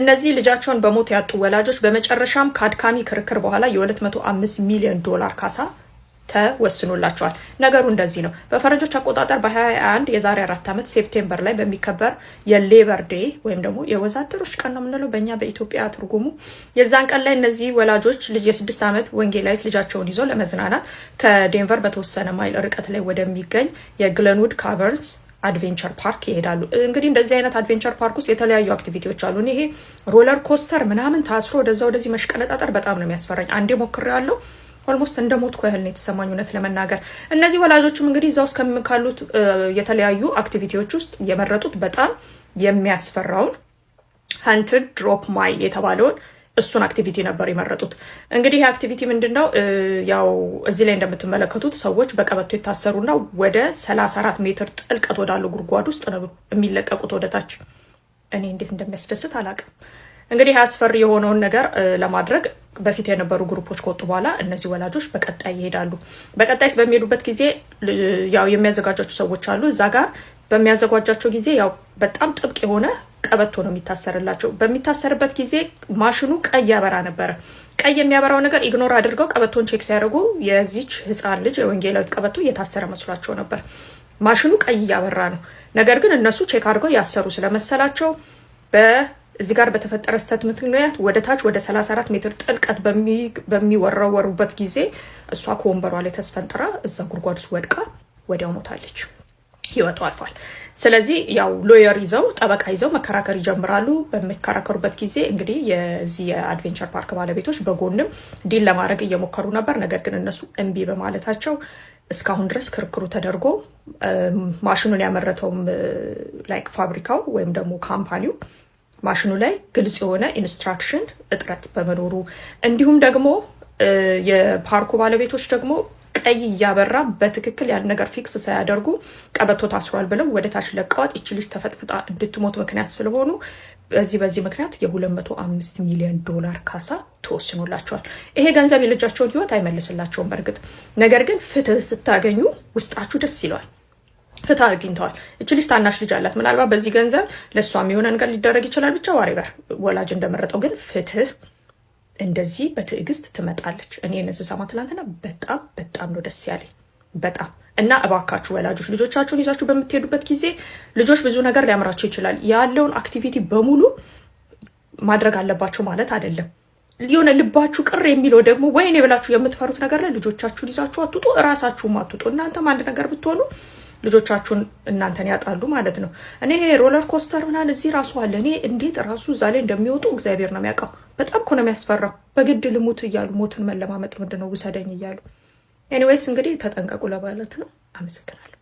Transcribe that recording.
እነዚህ ልጃቸውን በሞት ያጡ ወላጆች በመጨረሻም ከአድካሚ ክርክር በኋላ የ205 ሚሊዮን ዶላር ካሳ ተወስኖላቸዋል። ነገሩ እንደዚህ ነው። በፈረንጆች አቆጣጠር በ 21 የዛሬ አራት ዓመት ሴፕቴምበር ላይ በሚከበር የሌበር ዴይ ወይም ደግሞ የወዛደሮች ቀን ነው የምንለው በእኛ በኢትዮጵያ ትርጉሙ። የዛን ቀን ላይ እነዚህ ወላጆች የስድስት ዓመት ወንጌላዊት ልጃቸውን ይዞ ለመዝናናት ከዴንቨር በተወሰነ ማይል ርቀት ላይ ወደሚገኝ የግለንውድ ካቨርንስ አድቬንቸር ፓርክ ይሄዳሉ። እንግዲህ እንደዚህ አይነት አድቬንቸር ፓርክ ውስጥ የተለያዩ አክቲቪቲዎች አሉ። ይሄ ሮለር ኮስተር ምናምን ታስሮ ወደዛ ወደዚህ መሽቀነጣጠር በጣም ነው የሚያስፈራኝ። አንዴ ሞክሬዋለሁ። ኦልሞስት እንደ ሞት ሞትኩ ያህል ነው የተሰማኝ እውነት ለመናገር። እነዚህ ወላጆችም እንግዲህ እዛ ውስጥ ከሚካሉት የተለያዩ አክቲቪቲዎች ውስጥ የመረጡት በጣም የሚያስፈራውን ሀንትድ ድሮፕ ማይን የተባለውን እሱን አክቲቪቲ ነበር የመረጡት። እንግዲህ አክቲቪቲ ምንድን ነው? ያው እዚህ ላይ እንደምትመለከቱት ሰዎች በቀበቶ የታሰሩና ወደ 34 ሜትር ጥልቀት ወዳለው ጉድጓድ ውስጥ ነው የሚለቀቁት ወደታች። እኔ እንዴት እንደሚያስደስት አላቅም እንግዲህ አስፈሪ የሆነውን ነገር ለማድረግ በፊት የነበሩ ግሩፖች ከወጡ በኋላ እነዚህ ወላጆች በቀጣይ ይሄዳሉ። በቀጣይስ በሚሄዱበት ጊዜ ያው የሚያዘጋጃቸው ሰዎች አሉ እዛ ጋር በሚያዘጋጃቸው ጊዜ ያው በጣም ጥብቅ የሆነ ቀበቶ ነው የሚታሰርላቸው። በሚታሰርበት ጊዜ ማሽኑ ቀይ ያበራ ነበረ። ቀይ የሚያበራው ነገር ኢግኖር አድርገው ቀበቶን ቼክ ሲያደርጉ የዚች ህፃን ልጅ የወንጌላዊት ቀበቶ እየታሰረ መስሏቸው ነበር። ማሽኑ ቀይ እያበራ ነው። ነገር ግን እነሱ ቼክ አድርገው ያሰሩ ስለመሰላቸው እዚህ ጋር በተፈጠረ ስተት ምክንያት ወደ ታች ወደ 34 ሜትር ጥልቀት በሚወረወሩበት ጊዜ እሷ ከወንበሯ ላይ ተስፈንጥራ እዛ ጉድጓድ ውስጥ ወድቃ ወዲያው ሞታለች። ህይወቱ አልፏል። ስለዚህ ያው ሎየር ይዘው ጠበቃ ይዘው መከራከር ይጀምራሉ። በሚከራከሩበት ጊዜ እንግዲህ የዚህ የአድቬንቸር ፓርክ ባለቤቶች በጎንም ዲል ለማድረግ እየሞከሩ ነበር። ነገር ግን እነሱ እምቢ በማለታቸው እስካሁን ድረስ ክርክሩ ተደርጎ ማሽኑን ያመረተውም ላይክ ፋብሪካው ወይም ደግሞ ካምፓኒው ማሽኑ ላይ ግልጽ የሆነ ኢንስትራክሽን እጥረት በመኖሩ እንዲሁም ደግሞ የፓርኩ ባለቤቶች ደግሞ ቀይ እያበራ በትክክል ያን ነገር ፊክስ ሳያደርጉ ቀበቶ ታስሯል ብለው ወደ ታች ለቀዋት ይች ልጅ ተፈጥፍጣ እንድትሞት ምክንያት ስለሆኑ በዚህ በዚህ ምክንያት የ205 ሚሊዮን ዶላር ካሳ ተወስኖላቸዋል። ይሄ ገንዘብ የልጃቸውን ህይወት አይመልስላቸውም። በእርግጥ ነገር ግን ፍትህ ስታገኙ ውስጣችሁ ደስ ይለዋል። ፍትህ አግኝተዋል። እች ልጅ ታናሽ ልጅ አላት። ምናልባት በዚህ ገንዘብ ለእሷም የሆነ ነገር ሊደረግ ይችላል። ብቻ ዋሪ ጋር ወላጅ እንደመረጠው ግን ፍትህ እንደዚህ በትዕግስት ትመጣለች። እኔ ሰማ ትናንትና በጣም በጣም ነው ደስ ያለኝ በጣም እና እባካችሁ ወላጆች ልጆቻችሁን ይዛችሁ በምትሄዱበት ጊዜ ልጆች ብዙ ነገር ሊያምራቸው ይችላል። ያለውን አክቲቪቲ በሙሉ ማድረግ አለባቸው ማለት አይደለም። የሆነ ልባችሁ ቅር የሚለው ደግሞ ወይኔ ብላችሁ የምትፈሩት ነገር ላይ ልጆቻችሁን ይዛችሁ አትውጡ፣ እራሳችሁም አትውጡ። እናንተም አንድ ነገር ብትሆኑ ልጆቻችሁን እናንተን ያጣሉ ማለት ነው። እኔ ይሄ ሮለር ኮስተር ምናምን እዚህ ራሱ አለ። እኔ እንዴት ራሱ እዛ ላይ እንደሚወጡ እግዚአብሔር ነው የሚያውቀው። በጣም እኮ ነው የሚያስፈራው። በግድ ልሙት እያሉ ሞትን መለማመጥ ምንድን ነው ውሰደኝ እያሉ። ኤኒዌይስ እንግዲህ ተጠንቀቁ ለማለት ነው። አመሰግናለሁ።